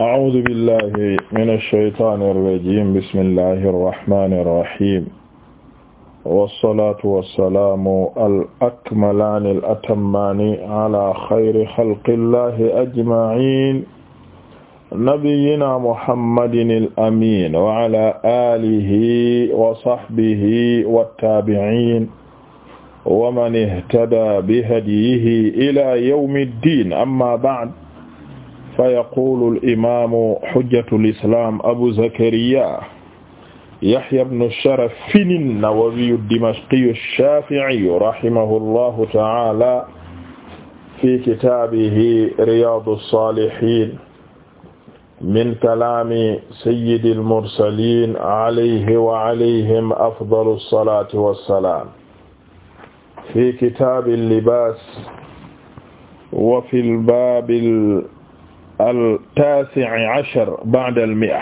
a'uuzu billahi mina shaytaani rajiim bismillahi rahmaani rahiim wassalaatu wassalaamu al-akmalaani al-atammaani alaa xayri xalqillahi ajma'iin nabiyyinaa muhammadin al-amiin wa alaa aalihi wa sahbihi wat-taabi'iin wa man ihtadaa bihadyihi ilaa yawmi ddiin amma ba'd فيقول الإمام حجة الإسلام أبو زكريا يحيى بن الشرف النووي الدمشقي الشافعي رحمه الله تعالى في كتابه رياض الصالحين من كلام سيد المرسلين عليه وعليهم أفضل الصلاة والسلام في كتاب اللباس وفي الباب التاسع عشر بعد المئة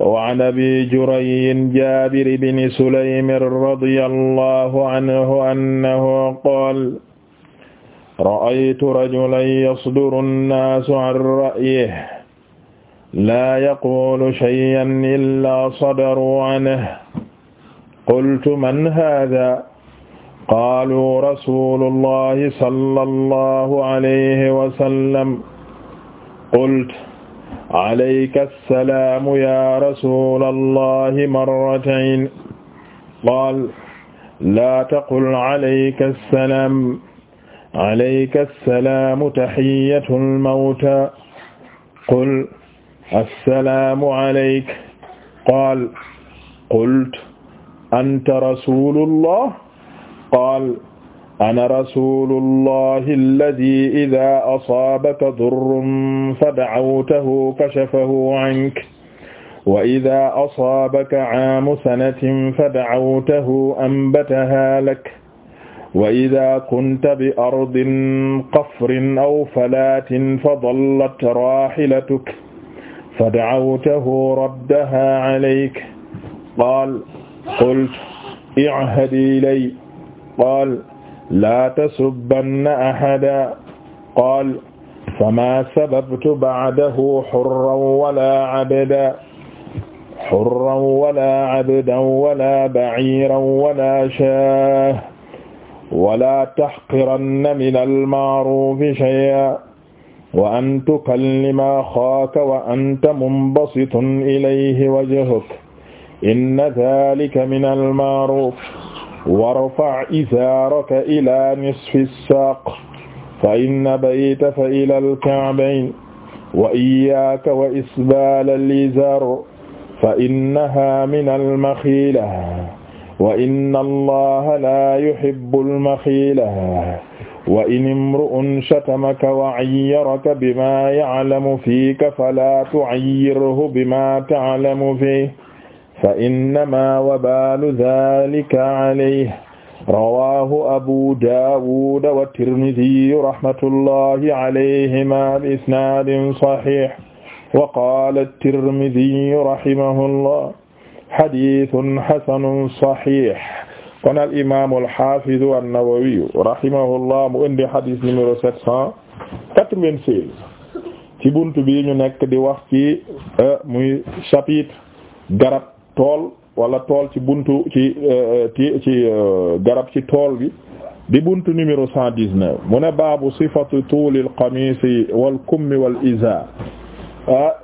وعن أبي جري جابر بن سليم رضي الله عنه أنه قال رأيت رجلا يصدر الناس عن رأيه لا يقول شيئا إلا صدروا عنه قلت من هذا قالوا رسول الله صلى الله عليه وسلم qult alayka alsalaamu ya rasula allahi marratayn qaal laa taqul alayka alsalaam alayka alsalaamu taxiyatu almawta qul alsalaamu alayka qaal qult anta rasulu llah qaal ana rasulullahi alladi ida asaabaka durrun fadacawtahu kashafahu anka wa ida asaabaka caamu sanatin fadacawtahu ambataha lak wa ida kunta bi ardin qafrin aw falaatin fadallat raaxilatuk fadacawtahu raddaha calayk qaal qult ichad ilay qaal laa tasubbanna ahada qaal famaa sababtu ba'dahu hurran wala abada hurran wala abdan wala ba'iran wala shaah wala tahqiranna minal ma'ruufi shay'an wa an tukallima axaaka wa anta munbasitun ilayhi wajhuk inna dhaalika minal ma'ruuf warfa izaaraka ila nisfi saaq fa in abayta fa ila alka'bayn wa iyyaaka wa isbaala al-izaar fa innahaa mina al-maxiila wa inna allaha laa yuhibbu al-maxiila wa in imru'un shatamaka wa cayyaraka bimaa ya'lamu fiika falaa tucayyirhu bimaa ta'lamu fiihi fa innama wabalu dalika alayhi rawahu abu dawud wa tirmidhi rahmatullahi alayhima bi isnadin sahih wa qala tirmidhi rahimahullah hadithun hasanun sahih kon al imam al hafiz an-nawawi rahimahullah mu indi hadith numéro 796 ci buntu bi ñu nekk di wax ci euh, muy chapitre garab tool wala tool ci buntu ci euh, ci euh, garab ci tool bi di buntu numéro cent dix-neuf mu ne baabu sifatu tuulil qamisi wal kummi ah,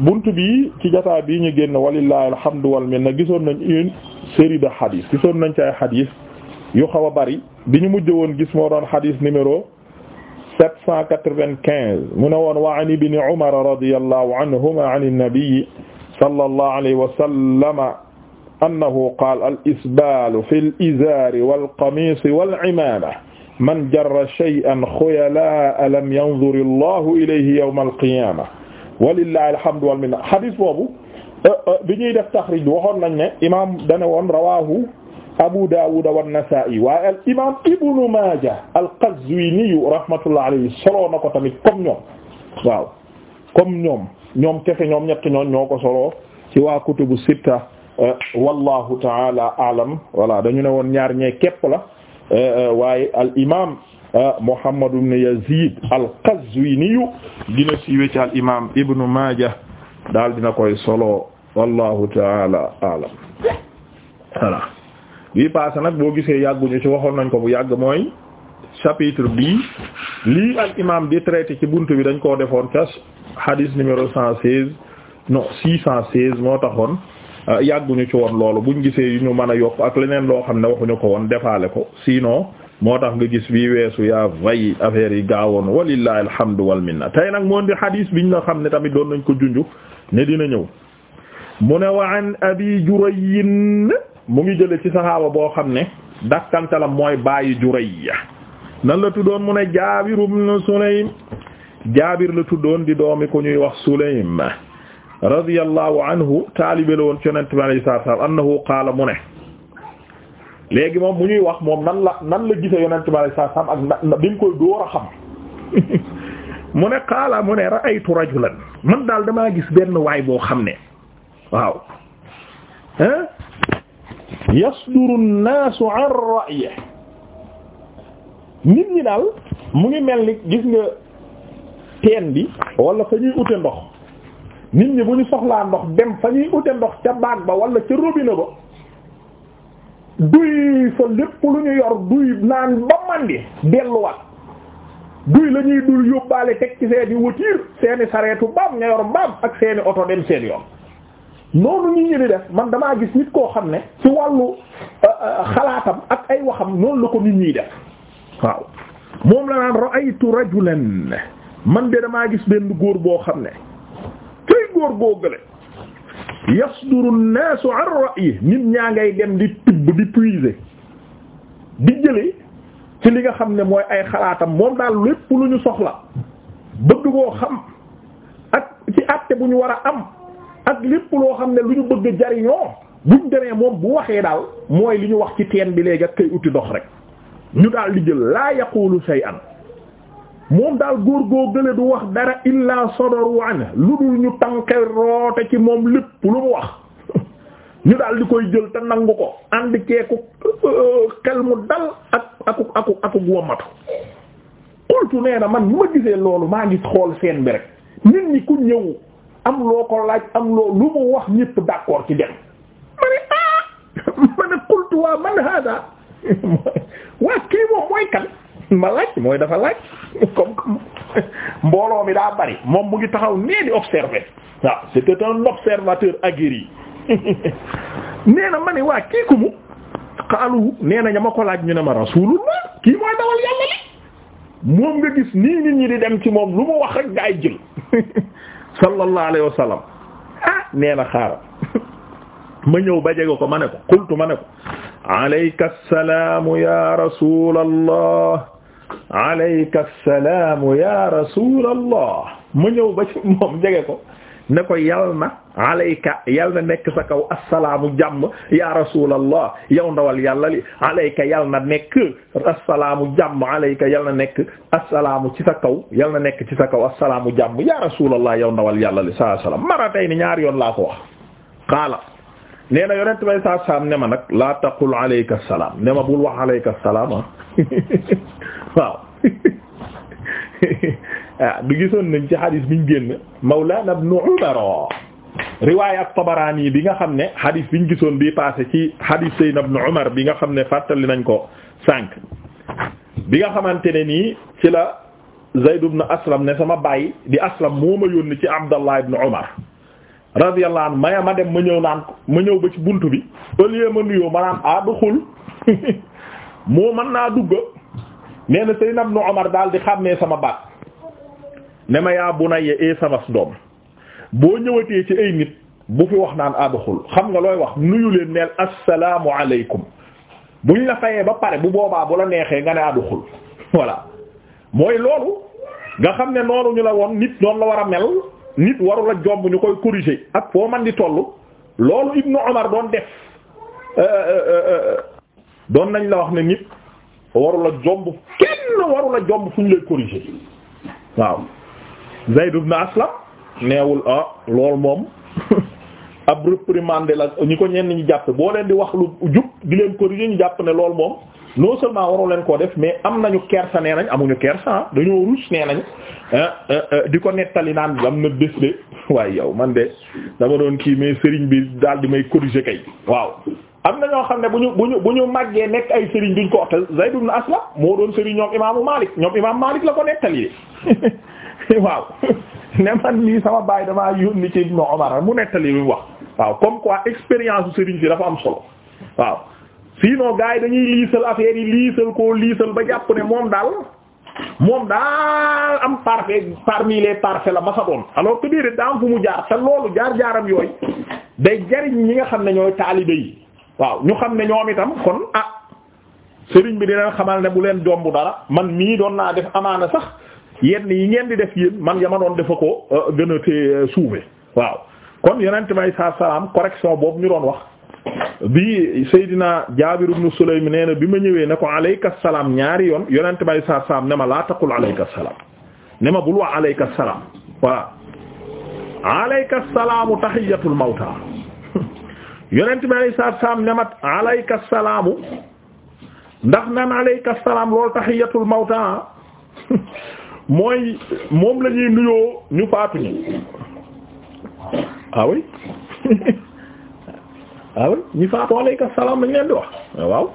buntu bi ci jotaay bii ñu génn walillahi alhamdu wal gisoon nañ une série hadith gisoon nañ ci ay hadith yu xaw a bari bi ñu mujj woon gis moo doon hadith numéro sept cent mu ne wa an ibni Umar radiyallahu anhuma an an sallallahu alayhi wa sallama annahu qaala al isbaalu fi l izaari wal qamiisi wal imaama man jarra shay'an xuyalaa lam yanzur allahu ilayhi yawma alqiyaama walillahi alhamdu wal minna xadis boobu euh, euh, bi ñuy def taxrij bi waxoon nañ ne imaam dana woon rawaahu Abu Daawud wa Nasaa'i waaye al imaam Ibnu Maaja al Qazwiini rahmatullahi alayhi soloo na ko tamit comme ñoom waaw comme ñoom. ñoom kefe ñoom ñett ñoon ñoo ko soloo ci waa kutubu sitta eh, wallahu taala alam voilà dañu ne woon ñaar ñee képp la eh, eh, waaye al imam Muhammad ibn Yazid al-Qazwini dina siiwe ci al daal dina koy solo wallahu taala alam voilà bii paase nag boo gisee yàgguñu ci waxoon nañ ko bu yàgg mooy chapitre bii lii al imam di traité ci buntu bi dañ koo defoon cas hadis numéro cent seize non six moo taxoon euh, yàgguñu ci woon loolu buñ gisee yu ñu mën a yokk ak leneen loo xam ne waxuñu ko woon defaale ko sinon moo tax nga gis bii weesu yaa vay affaire yi gaawoon walillahi alhamdu wal minna tey nag moon di hadis biñ la xam ne tamit doon nañ ko junju ne dina ñëw mu ne wa an abi Jurayy mu ngi jële ci saxaaba boo xam ne dakkantalam mooy bàyyi Jurayy nan la tuddoon mu ne Jaabir ibn Sulaym Jaabir la tuddoon di doomi ko ñuy wax Sulaym radiyallahu anhu woon Yonent bi alayhi salaatu salaam qaala mu ne moom mu ñuy wax moom nan la nan la gisee Yonent salaam ak na bi mu koy door a xam mu ne qaala mu ne ra'aytu rajulan man daal damaa gis benn waay boo xam ne waaw ah yasduru an an ra'yihi nit ñi daal mu ngi mel ni gis nga teen bi wala fa ñuy ute ndox nit ñi bu ñu soxlaa ndox dem fa ñuy ute ndox ca baag ba wala ca robinet ba duy fa lépp lu ñu yor duy naan ba mandi delluwaat duy lañuy ñuy dul yóbbaale teg ci seeni watiir seeni sareetu mbaam nga yor mbaam ak seeni oto dem seen yoon noonu ñu ñi di def man damaa gis nit koo xam ne ci wàllu euh, euh, xalaatam ak ay waxam noonu la ko nit ñiy def waaw moom la naan ra'aytu rajulan man de damaa gis benn góor boo xam ne tey góor goo gële yasduru an-naasu an ra'yi nit ñaa ngay dem di tibb di puiser di jëlee ci li nga xam ne mooy ay xalaatam moom daal lépp lu ñu soxla bëgg koo xam ak ci àtte bu ñu war a am ak lépp loo xam ne lu ñu bëgg jariñoo buñ demee moom bu waxee daal mooy li ñu wax ci teen bi léegi ak kay uti dox rek ñu daal di jël laa yaqulu shay'an moom daal góor góor gële du wax dara illaa sadaru an lu dul ñu tànke roote ci moom lépp lu mu wax ñu daal di koy jël te nangu ko ànd keeku euh, xel mu dal ak aku aku aku qultu nee na man ma gisee loolu maa ngi xool seen bi rek nit ñi ku ñëw am loo ko laaj am loo lu mu wax ñépp d'accord ci dem ma ne ah ma ne qultu waa man hada waa kii moom mooy kan ma laaj mooy dafa laaj comme comme mbooloo mi daa bari moom mu ngi taxaw nee di observer waaw ah, c'était un observateur aguerri nee na ma ne waa kii ku mu nee na ña ko laaj ñu ne ma rasulullah kii mooy dawal yàlla li moom nga gis nii nit ñi di dem ci moom lu mu wax rek gaa yi jël sallallahu ah nee na xaaral ma ñëw ba jege ko ma ne ko xultu ma ko alayka salaam ya rasulallah alayka salaam ya rasulallah mu ñëw ba ci moom jege ko ne ko yal na alayka yal na nekk sa kaw assalaamu jàmm ya rasulallah yow ndawal yàlla li alayka yal na nekk assalaamu jàmm alayka yal na nekk assalaamu ci sa kaw yal na nekk ci sa kaw assalaamu jàmm ya rasulallah yow ndawal yàlla li sallallahu alayhi wasallam maratay ni ñaar yoon laa ko wax nee na yonent bay saa saam ne ma nag laa taqul alayka salaam ne ma bul wax alayka salaam ah waaw ah du gisoon nañ ci xadis biñ génn Mawlana ibn Umar riwaaya at-Tabarani bi nga xam ne xadis biñ gisoon bii passé ci xadis Sayyidina ibn Umar bi nga xam ne fàttali nañ ko sànq bi nga xamante ne nii ci la Zayd ibn Aslam ne sama baay di Aslam moo ma yónni ci Abdallah ibn Umar radiyallahu anhu maya ma dem ma ñëw naan ma ñëw ba ci bunt bi au lieu ma nuyoo ma naan ah xul moo mën naa dugg nee na Seydina Ibnu Umar daal di xàmmee sama baat ne ma yaa bunayya ee eh, sama doom boo ñëwatee ci ay nit bu fi wax naan ah xul xam nga looy wax nuyu leen neel assalaamu alaykum buñ la fayee ba pare bu boobaa bu la neexee nga ne ah xul voilà mooy loolu nga xam ne noonu ñu la woon nit noonu la war a mel. nit warula jomb ñu koy corriger ak foo man di toll loolu Ibnu Umar doon def euh, euh, euh, doon nañ la wax ne nit warula jomb kenn warula jomb fu ñu lay corriger waaw Zayd ibn Aslam neewul ah loolu moom ab reprimande la ñu ko ñenn ñu jàpp boo leen di wax lu jub di leen corriger ñu jàpp ne loolu moom non seulement waru koo def mais am nañu kersa nee nañ amuñu kersa dañoo rus nee nañ ah, ah, ah, di ko nettali naan am na bés de waaye yow man de dama doon kii mais sëriñ bi daal di may corriger kay waaw am na ñoo xam ne bu ñu bu ñu bu ñu màggee nekk ay sëriñ duñ ko otel Zayd ibn Aslam moo doon sëriñ ñoom imaamu Malik ñoom imaamu Malik la ko nettali de waaw ne man nii sama baay damaa yónni ci Ibn Umar mu nettali lu mu wax waaw comme quoi expérience sëriñ si dafa am solo waaw sinon gars yi dañuy liisal affaire yi liisal koo liisal ba jàpp ne moom daal moom daal am parfait parmi les parfaits la masa doon alors que daa am fu mu jaar te loolu jaar-jaaram yooyu day jariñ ñi nga xam ne ñooy taalibe yi waaw ñu xam ne ñoom itam kon a ah, sëriñ bi dina xamal ne bu leen jomb dara man mii doon naa def amaana sax yenn yi ngeen di def yéen man ya ma doon defa ko euh, gën a te euh, suufe waaw kon yonent may sa salaam correction boobu ñu doon wax bi Seydina Jaabir ibn Sulaym nee bi ma ñëwee ne ko alayka salaam ñaari yoon yonent bay saa saam ne ma laa taqul alayka salaam ne ma bul wax alayka salaam voilà alayka salaamu tahiyatul mawta yonent bay saa saam ne ma alayka salaamu ndax naan alayka salaam loolu tahiyatul mawta ah. mooy moom la ñuy nuyoo ñu faatuñu ah waaw ah ñi faatu aleyka salaam lañ leen di wax ah, waaw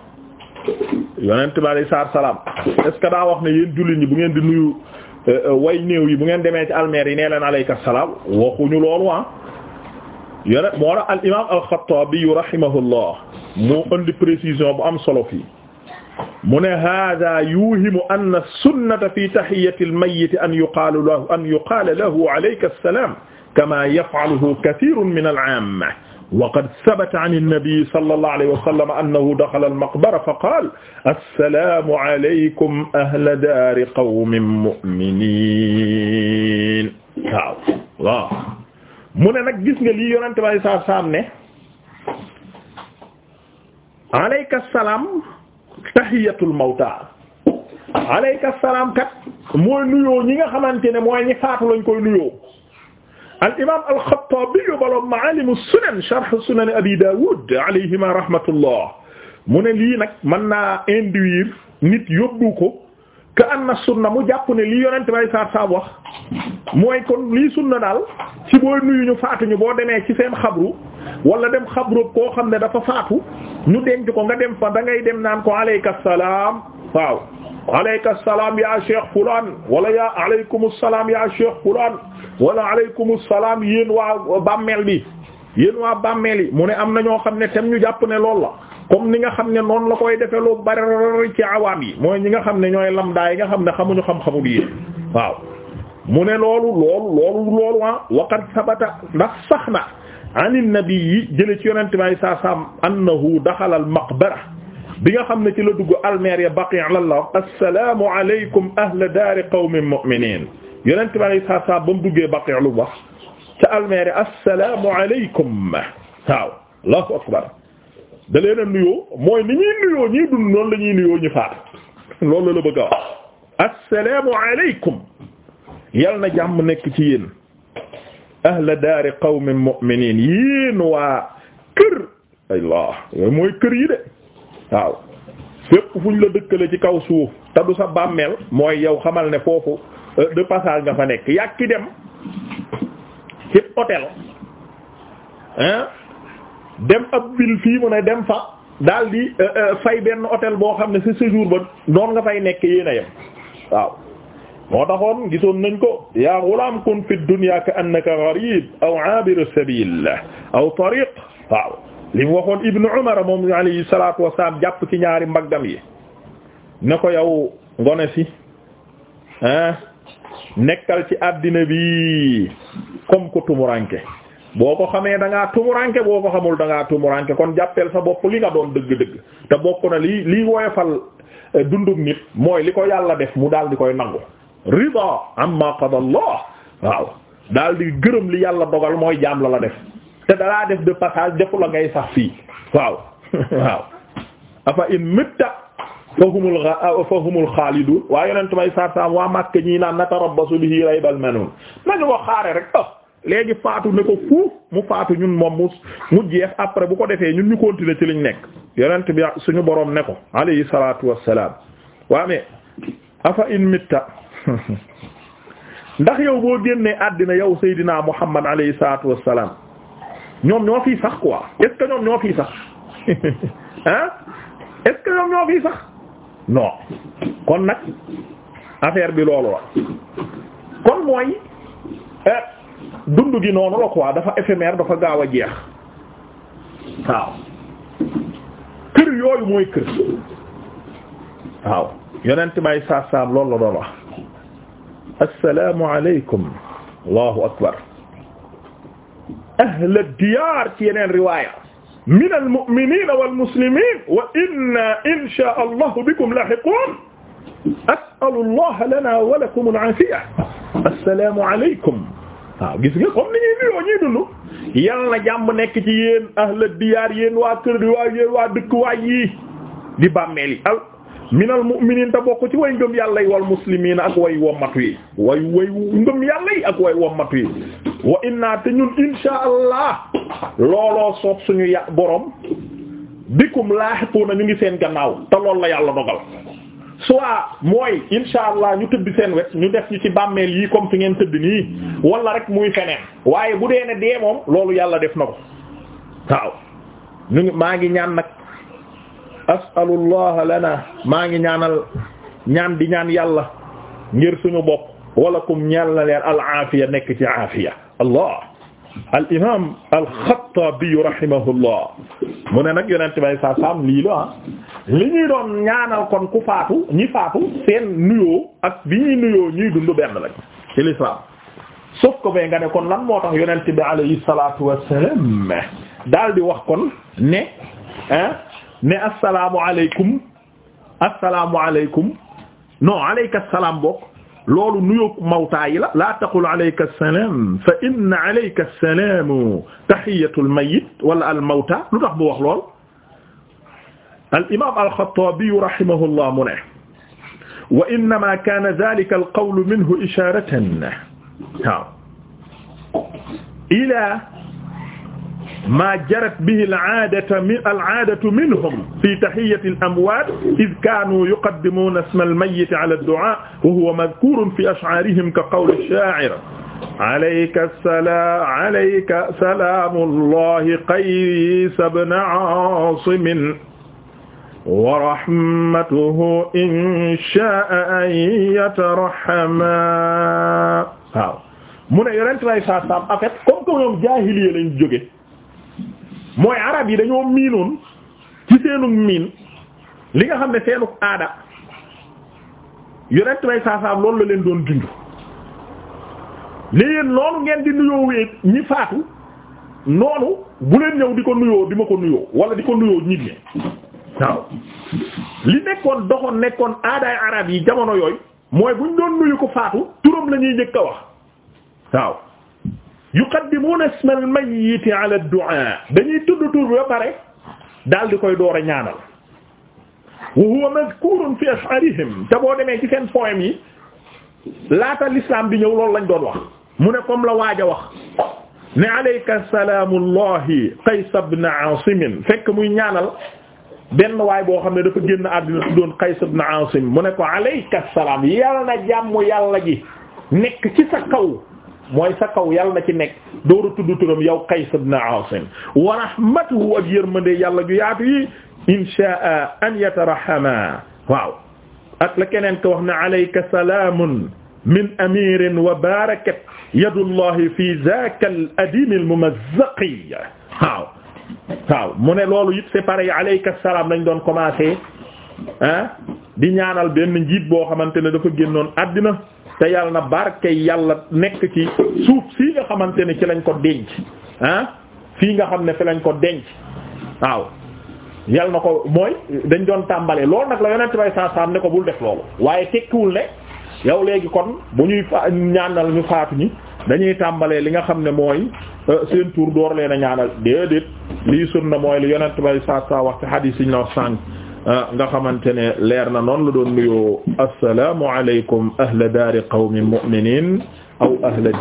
yonent bi aley salaam est-ce que daa wax ne yéen jullit ñi bu ngeen di nuyu euh, euh, way néew yi bu ngeen demee ci almeer yi nee leen aleyka salaam waxuñu loolu ah yonent moo tax al imaam al-Xattaabi rahimahullah moo indi précision bu am solo fii mu ne hada yuhimu anna sunnata fi tahiyyati al-mayyit an yuqaalu lahu an yuqaala lahu aleyka salaam kama yaf'aluhu kathiirun min al-'aamma waqad sabata an annabi sallallahu alayhi wa sallam annahu daxala almaqbara fa qaal assalaamu aleykum ahla daari qawmin mu'miniin waaw waaw mu ne nag gis nga lii yonente bi alei saatu salaam ne aleyka salaam tahiyatul mawta aleyka salaam kat mooy nuyoo ñi nga xamante ne mooy ñi faatu lañ koy nuyoo al imaam al-Xattaabi boroom Maalimu Sunan sharh Sunan Abi Daawud alayhima rahmatullah mu ne lii nag mën naa induire nit yóbbu ko ka anna mu jàpp ne lii yonent bay saar saab wax mooy kon lii sunna daal ci booy nuyu ñu faatuñu boo demee ci seen xabru wala dem xabru koo xam ne dafa faatu ñu denc ko nga dem fa da ngay dem naan ko aleyka salaam waaw ya cheikh fulaan wala ya aleykum salaam ya cheikh fulaan wala aleykum salaam yéen waa bàmmeel bi yéen waa bàmmeel yi mu ne am na ñoo xam ne tem ñu jàpp ne loolu la ni nga xam ne noonu la koy defee lu bari ci awaam yi mooy ñi nga xam ne ñooy lamdaa yi nga xam ne xamuñu xam-xamu di ne loolu loolu loolu loolu ah waqad sabata ndax sax na an nabi yi jële ci yonente may saa sam annahu daxala al maqbara bi nga xam ne ci la dugg almeer ya baqi' la wax assalaamu aleykum ahla daari qawmin mu'minin yonent bi alayhi salaatu salaam ba mu duggee Baqi' lu wax ca almeeri assalaamu alaykum waaw allahu akbar da leen nuyoo mooy ni ñuy nuyoo ñu faat loolu la bëgg a wax assalaamu alaykum yal na jàmm nekk ci yéen ahla daari qawmin mu'miniin yéen waa kër allah mooy kër yi de waaw fépp fu ñu la dëkkale ci kaw suuf te du sa bàmmeel mooy yow xamal ne foofu Euh, de passage nga fa nekk yàgg ki dem ci hôtel hein dem ab ville fii mu ne dem fa daal di euh, euh, fay benn hôtel boo xam ne sa séjour ba noon nga fay nekk yéen a waaw moo taxoon gisoon nañ ko yaa ghulam kun fi dunya ka annaka gharib aw aabir sabil aw tariq waaw li mu waxoon ibnu umar moom alayhi salatu wassalam jàpp ci ñaari mbaggam yi ne ko yow ngone si hein nekkal ci àddina bi comme ko tumuranke boo ko xamee danga ngaa tumuranke boo ko xamul da ngaa tumuranke kon jàppeel sa bopp li nga doon dëgg-dëgg te bokk na lii lii woyofal eh, dundug nit mooy li ko yàlla def mu daal di koy nangu rida amma qada Allah waaw daal di gërëm li yàlla dogal mooy jaam la la def te dalaa def de passage defu la ngay sax fii waaw waaw afa in mitta fahumul ah, fahumul xaalidun waaye yonent may saar saam waa Makka ñii naan natarabbasu bihi raybal manuun nañu ko xaare rek ah léegi faatu ne ko fuuf mu faatu ñun moom mu mu jeex après bu ko defee ñun ñu continuer ci liñ nekk yonent bi suñu boroom ne ko alayhi salaatu wassalaam waa mais afa in mitta ndax yow boo génnee àddina yow Seydina Muhammad alayhi salaatu wassalaam ñoom ñoo fii sax quoi est-ce ñoom ñoo fii sax ah est ñoom ñoo fii sax non kon nag affaire bi loolu la kon mooy euh, dund gi noonu la quoi dafa éphémère dafa gaaw a jeex waaw kër yooyu mooy kër waaw yonent may saa saam loolu la doon wax assalaamu alaykum akbar ahla diyaar ci yeneen riwaaya minal mu'miniina wal muslimiin wa inna inshaa allahu bikum laahiquun as'alu llaha lanaa wa lakum al-'aafiya assalaamu aleykum waaw gis nga comme ni ñuy nuyoo ñuy dund yal na jàmm nekk ci yéen ahla diyaar yéen waa kër di waa yéen waa dëkk waay yi di bàmmeel yi minal mu'miniin te bokk ci way ngëm yàlla yi wal muslimiin ak way wommatu yi way woy ngëm yàlla yi ak woy way wommatu yi wa inna te ñun insha allah looloo soob suñu ya borom bikum laahiquuna ñu ngi seen gannaaw te lool la yàlla dogal soit mooy insha allah ñu tëdd seen wet ñu def ñu ci bàmmeel yi comme fi ngeen tëdd nii wala rek muy xeneen waaye bu dee ne dee moom loolu yàlla def na ko waaw ñu ngi maa ngi ñaan nag asalullah lana maa ngi ñaanal ñaan di ñaan yàlla ngir suñu bopp wala kum ñaan la leen al aafiya nekk ci aafiya allah al imam al xattaabi rahimahullah mu ne nag yonent bay sa sam lii la ah. li ñuy doon ñaanal kon ku faatu ñi faatu seen nuyoo ak bi ñuy nuyoo ñuy dund benn lañ ci l'islam sauf nga ne kon lan moo tax yonent bi alayhi salatu wassalam daal di wax kon ne ah ne assalaamu aleykum assalaamu aleykum non aleyka salaam bokk loolu nuyoog mawtaa yi la laa taqul aleyka salaam fa inna aleyka salaamu tahiyatul mayyit wala al mawta lu tax bu wax lool al imaam al xattaabi rahimahullah mu ne wa innama kaana daalika al qawlu minhu ishaaratan ilaa maa jarat bihi al-aadatu min al-aadatu minhum fi tahiyyati al-amwaat idh kaanuu yuqaddimuuna isma al-mayyiti ala ad-du'aa wa huwa madhkuurun fi ash'aarihim ka qawli ash-shaa'ir alayka salaam alayka salaamullahi Qays ibn Aasim wa rahmatuhu in shaa'a an yatarhamaa waaw mu ne yonent bi sallallahu alayhi wa sallam en fait comme que ñoom jaahiliya lañ jóge mooy arab yi dañoo miinoon ci seenug miin li nga xam ne seenug aada yonent bay saasaam loolu la leen doon junj li yéen noonu ngeen di nuyoo wéeg ñi faatu noonu bu leen ñëw di ko nuyoo di ma ko nuyoo wala di ko nuyoo nit ñi waaw li nekkoon doxoon nekkoon aadaay arab yi jamono yooyu mooy buñ doon nuyu ko faatu turam lañuy ñuy njëkk wax waaw yuqaddimuuna ismal mayyit ala du'a dañuy tudd tur ba pare daal di koy door a ñaanal wa huwa mazkurun fi ash'arihim te boo demee ci seen poème yi laata l'islam bi ñëw loolu lañ doon wax mu ne comme la waaj a wax ne alayka salaamullahi qays ibn aasim fekk muy ñaanal benn waay boo xam ne dafa génn àddina su doon qays ibn aasim mu ne ko alayka salaam yàlla na jàmm yàlla ji nekk ci sa kaw mooy sa kaw yàlla na ci nekk dooru tudd turam yow Qays ibn Aasim wa rahmatuhu ak yërmande yàlla ju yi inshaa an yatarahama waaw ak la keneen ko wax ne alayka salaamun min amirin wa barakat yadullahi fi zaaka adimi al mumazzaqi ne loolu it lañ doon commencé ah di ñaanal benn njiit boo xamante ne dafa génnoon àddina te yàlla na barke yàlla nekk ci suuf sii nga xamante ne ci lañ ko denc ah fii nga xam ne fi lañ ko denc waaw yàlla na ko mooy dañ doon tàmbalee loolu nag la yonent bay saa saa ne ko bul def loolu waaye tekkiwul ne yow léegi kon bu ñuy ñaanal ñu faatu ñi dañuy tàmbalee li nga xam ne mooy euh, seen tur door leen a ñaanal déedéet lii sunna mooy li yonent bay saa saa wax ci hadith yi ñu la wax sànq Ah, nga xamante ne leer na noonu la doon nuyoo assalaamu alaykum ahla daari qawmin mu'minin aw ahla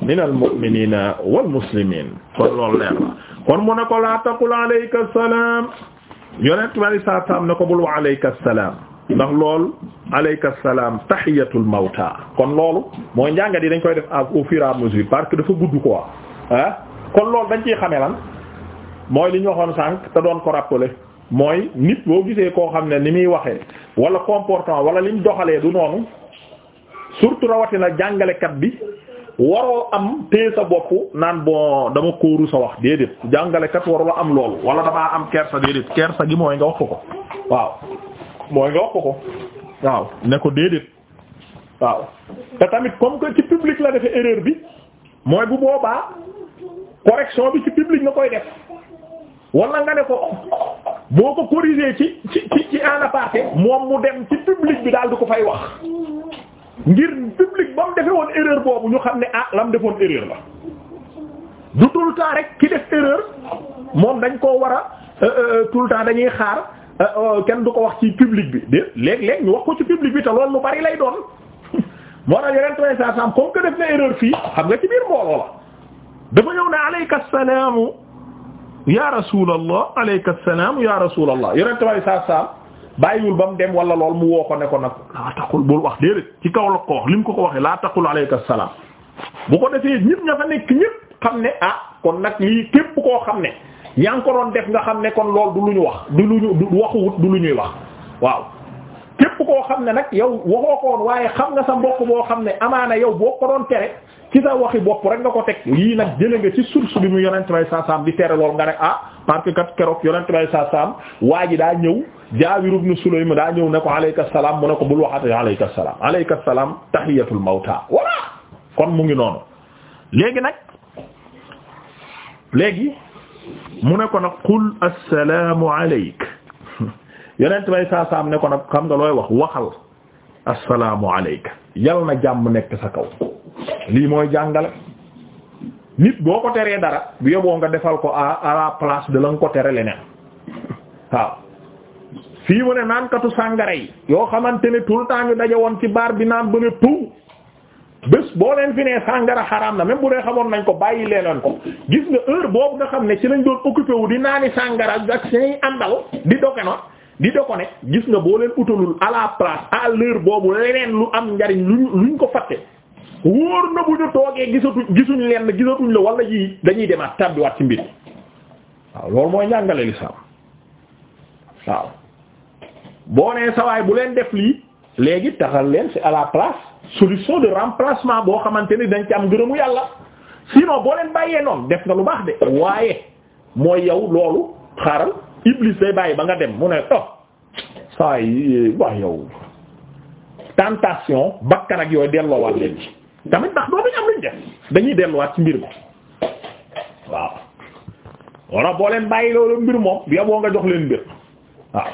min almu'minina wal muslimin kon loolu leer na kon mu ne ko laa taqul alayka salaam yonent bari saam ne ko bul wa salaam ndax lool alayka salaam tahiyatul mawta kon loolu mooy njàngat yi dañ koy def au fur et à mesure parce que dafa gudd quoi ah kon loolu dañ ciy xamee mooy li ñu waxoon sànq doon ko rappeler mooy nit boo gisee koo xam ne ni muy waxee wala comportement wala lim doxalee du noonu surtout rawatina jàngalekat bi waroo am téye sa bopp naan bon dama kóoru sa wax déedéet jàngalekat warula am loolu wala damaa am kersa déedéet kersa gi mooy nga wax ko ko waaw mooy nga wax ko waaw ne ko déedéet waaw te tamit comme que ci public la defee erreur bi mooy bu boobaa correction bi ci public na koy def. wala nga ne ko boo ko corriger ci ci ci en aparté moom mu dem ci public bi daal di ko fay wax ngir public ba mu defee woon erreur boobu ñu xam ne ah la mu defoon erreur la du tout le temps rek ki def erreur moom dañ koo war a euh, euh, tout le temps dañuy xaar euh, kenn du ko wax ci public bi de léeg-léeg ñu wax ko ci public bi te loolu mu bari lay doon moo tax yeneen trois cent comme que def na erreur fii xam nga ci biir mbooloo la dafa ñëw ne aleyka salaamu ya rasulallah aleyka salaam ya rasulallah yonente way saa saam bàyyiwul ba mu dem wala lool mu woo ko ne ko nag laa taqul bul wax déedéet ci kaw la ko wax li mu ko ko waxee laa taqul aleyka salaam bu ko defee ñëpp ña fa nekk ñëpp xam ne ah kon nag lii képp koo xam ne yaa ngi ko doon def nga xam ne kon lool du lu ñu wax du lu ñu du du lu ñuy wax waaw képp koo xam ne nag yow waxoo ko waaye xam nga sa mbokk boo xam ne amaana yow boo ko doon tere ci sa waxi bopp rek nga ko teg lii nag jële nga ci source bi mu yonent bay saasaam di tere lool nga ne ah parce que kat keroog yonent bay saasaam waa ji daa ñëw Jaabir ibn Sulaym daa ñëw ne ko aleyka salaam mu ne ko bul waxate aleyka salaam aleyka salaam tahiyatul mawta voilà kon mu ngi noonu léegi nag léegi mu ne ko nag qul assalaamu aleyk yonent bay saasaam ne ko nag xam nga looy wax waxal assalaamu aleyk yal na jàmm nekk sa kaw lii mooy jàngale nit boo ko teree dara bu yeboo nga defal ko à à la place de la nga ko tere leneen waaw fii mu ne naankatu sàngara yi yoo xamante ne tout le temps ñu daje woon ci baar bi naan ba ne pou bés boo leen fi nee sàngara xaraam na même bu dee xamoon nañ ko bàyyi leen ko gis nga heure boobu nga xam ne ci lañ doon occupé di naani sàngara ak seen àndal di doge noonu di doge gis nga boo leen utalul à la place à boobu leneen lu am njariñ luñ ko fàtte. wóor na bu ñu toogee gisuñu gisuñ leen gisatuñ la wala yii dañuy demaat tàbbiwaat ci mbir waaw loolu mooy njàngale lislaam waaw boo nee sawaay bu leen def lii léegi taxal leen c'est à la place solution de remplacement boo xamante ni dañ ci am gërëmu yàlla sinon boo leen bàyyee noonu def nga lu baax de waaye mooy yow loolu xaaral iblis day bàyyi ba nga dem mu ne oh sawaay eh, waa yow tentation bakkan ak yooyu delloowaat leen ci tamit ndax doo dañu am luñ def dañuy delluwaat ci mbir mi waaw walla boo leen bàyyi loolu mbir moom bi yoboo nga jox leen mbir waaw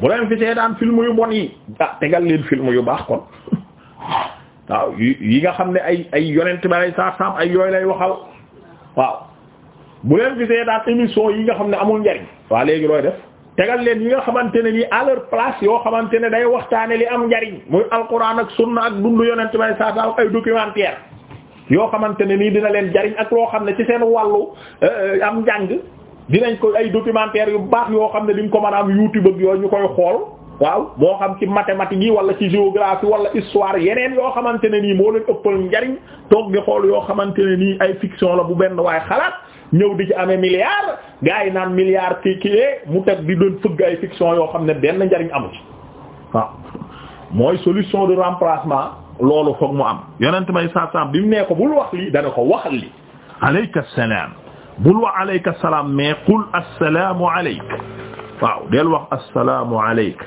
bu leen fi seetaan film yu bon yi ah tegal leen film yu baax kon waaw yi nga xam ne ay ay yonent ba ay saa saam ay yooyu lay waxal waaw bu leen fi seetaan émission yi nga xam ne amul njariñ waa léegi looy def tegal leen yi nga xamante ne nii à leur place yoo xamante ne day waxtaane li am njariñ muy alquran ak sunna ak dundu yonent bay saa saa ay documentaire yoo xamante ne nii dina leen jariñ ak loo xam ne ci seen wàllu euh, am njàng dinañ ko ay documentaire yu baax yoo xam ne di ko mën a am YouTube ak yooyu ñu koy xool waaw moo xam ci mathématiques yi wala ci géographie wala histoire yeneen yoo xamante ne nii moo leen ëppal njariñ toog di xool yoo xamante ne nii ay fiction la bu benn waaye xalaat ñëw di ci ame milliard gars yi naan milliard kii kii mu teg di doon fëgg ay fiction yoo xam ne benn njariñ amu ci waaw mooy solution de remplacement loolu foog mu am yonent may saasam bi mu nee ko bul wax lii dana ko waxal li aleyka salaam bul wax aleyka salaam mais qul assalaamu aleyk waaw del wax assalaamu aleyk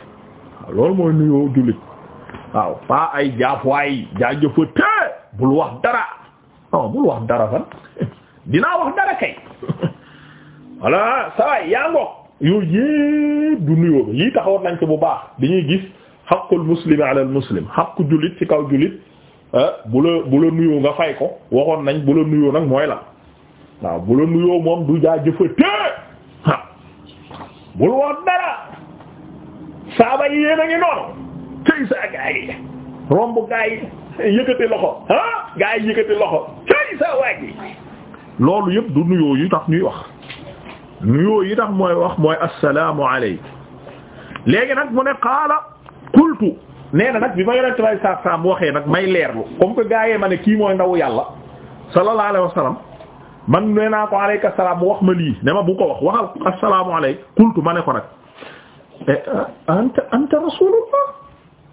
waaw loolu mooy nuyoo jullit waaw pas ay bul wax dara non bul wax dara fan dinaa wax dara kay voilà saway yaa ngoog yooyu yépp du nuyoo bi lii taxawoon nañ ci bu baax dañuy gis xaqul muslimi ala al muslim xaqu jullit ci kaw jullit ah, bu la bu la nuyoo nga fay ko waxoon nañ bu la nuyoo nag mooy la waaw bu la nuyoo moom du jaa jëfatee ah bul wax dara saaba yi yéen a ngi noonu cëy saa gaa romb gaa yi loxo ah gaa yi loxo cëy saa waa loolu yëpp du nuyoo yu tax ñuy wax nuyoo yi tax mooy wax mooy assalaamu aleyk léegi nag mu ne qaala qultu nee na nag bi ma yonente bay sa waxee nag may leerlu comme que gaayee ma ne kii mooy ndaw yàlla sallallahu alayhi wa man naa ko aleyka salaam wax ma lii ne ma bu ko wax waxal assalaamu aleyk qultu ma ne ko nag e, anta rasulullah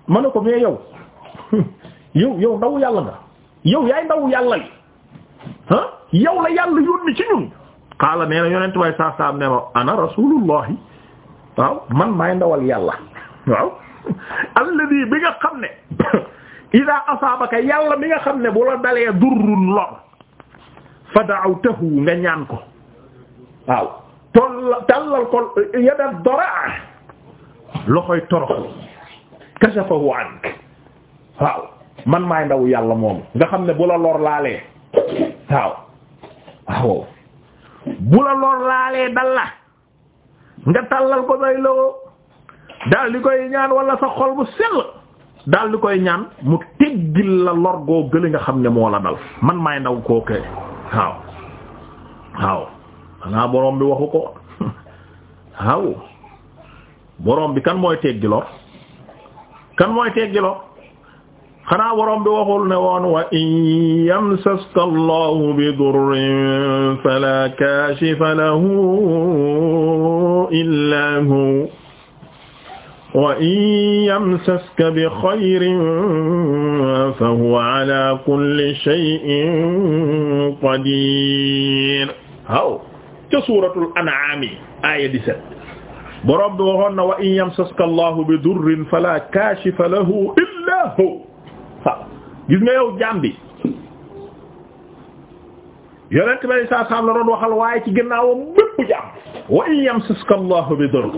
ma ne ko mais yow yow yow ndaw yàlla nga yow yaay ndaw yàlla ah yow la yàlla yónni ci ñun xaala nee na yonent way saa saam ne ma ana rasulullahi waaw man maay ndawal yàlla waaw alladi bi nga xam ne ida asaabaka yàlla bi nga xam ne bu la dalee durrun lor fa da'awtahu nga ñaan ko waaw toll tallal ko yada doraa loxoy torox kashafahu ank waaw man maay ndaw yàlla moom nga xam ne bu la lor laalee waaw waaw bu la lool laalee dal la nga tàllal ko day loo daal di koy ñaan wala sa xol bu sell daal di koy ñaan mu teggil la lor goo gële nga xam ne moo la dal man maay ndaw kooke waaw waaw xanaa borom bi waxu ko waaw borom bi kan mooy teggi lor kan mooy teggi lor xanaa borom bi waxul ne woon wa in yamsaska allahu bi durrin fala kashifa lahu illa hu wa in yamsaska bi xayrin fa huwa ala kulli shay'in qadir waaw ca suratul an'am aya 17 borom bi waxoon na wa in yamsaska allahu bi durrin fala kashifa lahu illa hu gis nga yow jaam bi yonent bi saa saam la waxal waaye ci ginnaawam bépp jaam wa in yamsaska bi dur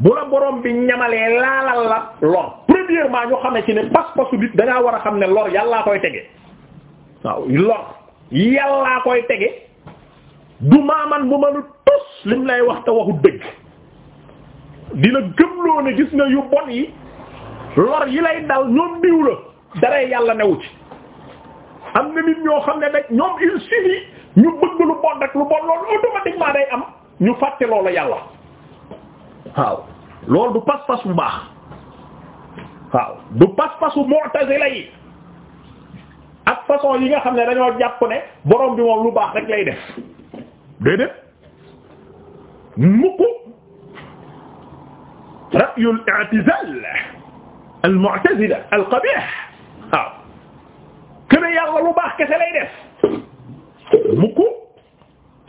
bu la borom bi ñamalee laalal la lor premièrement ñu xam ne ci ne pas-pasu nit da war a xam ne lor yàllaa koy tege waaw lor yàllaa koy tege du maaman bu mënu tos lim lay wax te waxu dëgg dina gëmloo ne gis nga yu bon yi lor yi lay dal ñoom diw daree yàlla newu ci am na nit ñoo xam ne nag ñoom il suffit ñu bëgg lu bon rek lu bon loolu automatiquement day am ñu fàtte loolu yàlla waaw loolu du pas-pas bu baax waaw du pas-pasu mu'tazila yi ak façon yi nga xam ne dañoo jàpp ne borom bi moom lu baax rek lay def déedéet mukk ra'yul i'tizal al mu'tazila kese lay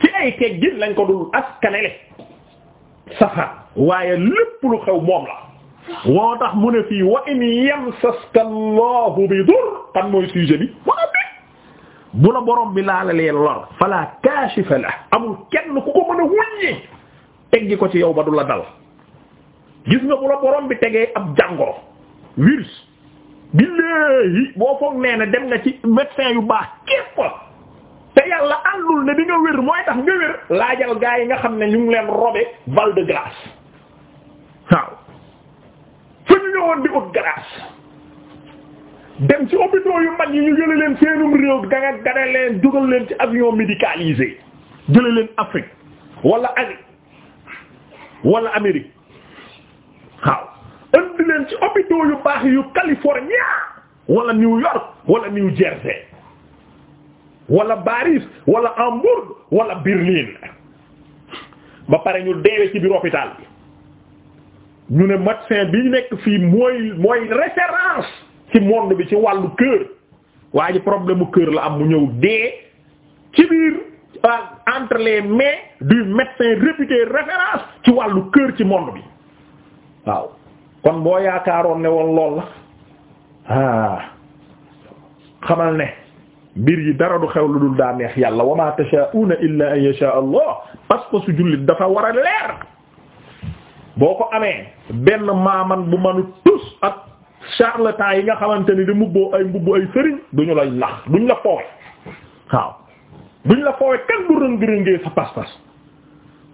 ci ay teggin lañ ko dul askanele safa waaye lépp lu xew moom la woo tax mu ne fii wa in yamsaska Allahu bi dur kan mooy sujet bi waa bi bu la borom bi laalalee lor fala kaashifa la amul kenn ku ko mën a wuññi ko ci yow ba du la dal gis nga bu la borom bi tegee ab jàngoro virus billahi boo foog nee ne dem nga ci médecin yu baax képp te yàlla àndul ne di nga wér mooy tax nga wér laajal gaa yi nga xam ne ñu ngi leen robe val de grâce waaw fa ñu ñëwoon di ut grâce dem ci opito yu mag yi ñu jële leen seenum réew da nga gane leen jógal leen ci avion médicalisé jële leen Afrique walla Asie wala Amérique waaw leen ci hôpitaux yu baax yu California wala New York wala New Jersey wala Paris wala Hambourg wala Berlin ba pare ñu deewee ci biir hôpital bi ñu ne médecin bi nekk fii mooy mooy référence ci monde bi ci wàllu cœur waa ji problème mu la am mu ñëw dee ci biir euh, entre les mains du médecin réputé référence ci wàllu kër ci monde bi waaw kon boo yaakaaroon ne woon lool la xamal ne mbir yi dara du xew lu dul daa neex yàlla wa ma tashaauna illa an yasha allah parce que su jullit dafa war a leer boo ko amee benn maaman bu manu tus ak charlatan yi nga xamante ni di mbubboo ay mbubboo ay sëriñ duñu lay lax duñ la foowe waaw duñ la foowe kenn du rëng-rëngee sa pas-pas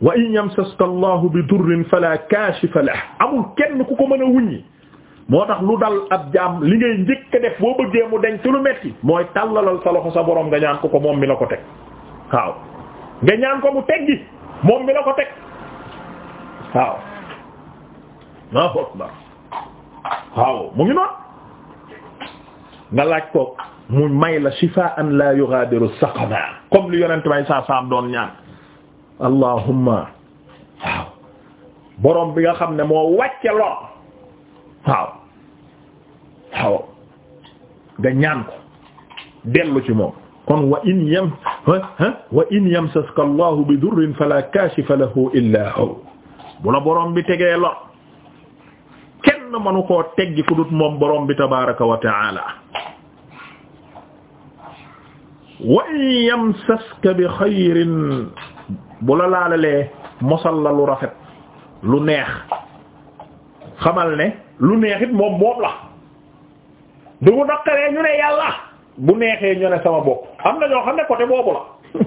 wa ñam yamsaska allahu bi durrin fala kaashifa lah amul kenn ku ko mën a wuññi moo tax lu dal ab jaam li ngay njëkk a def boo bëggee mu denc lu metti mooy tàllalal sa loxo sa borom nga ñaan ko ko moom mi na ko teg waaw nga ñaan ko mu teggi moom mi la ko teg waaw mu ngi noonu nga laaj ko mu may la shifaan la yughadiru saqama comme li yonent may saa saam doon ñaan allahumma waaw borom bi nga xam ne moo wàcce lor waaw waaw nga ci moom kon wa in yam wa in yamsaska allahu bi durrin fala kashifa lahu illa hu bu la borom bi tegee kenn mënu koo teggi ku moom borom bi tabaraka wa yamsaska bi xayrin bu la laalalee mosal la lu rafet lu neex xamal ne lu neex it moom moom la du mu naqaree ñu ne yàlla bu neexee ñu ne sama bopp am na ñoo xam ne côté boobu la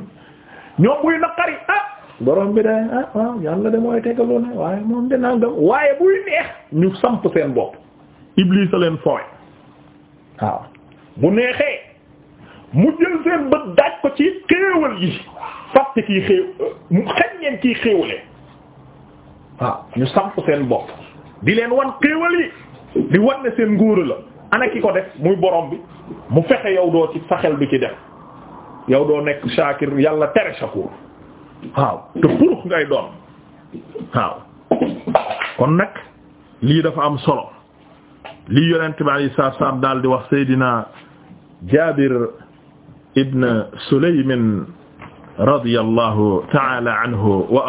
ñoom buy naqari ah borom bi de ah waaw yàlla de mooy teggaloo ne waaye moom de nangam waaye buy neex ñu samp seen bopp Iblis a leen fooy waaw bu neexee mu jël seen bët daaj ko ci xéewal yi fàtte kii xéew xañ ngeen kii xéewale waaw ah, ñu samp seen bopp di leen wan xéewal yi di wan seen nguur la ana ki ko def muy borom bi mu fexe yow doo ci saxel du ci def yow doo nekk shaakir yàlla tere shakur waaw te purux ngay doon waaw kon nag lii dafa am solo lii yonent bi alayhi salaam daal di wax Seydina Jaabir ibn Sulaymin radiyallahu ta'ala anhu wa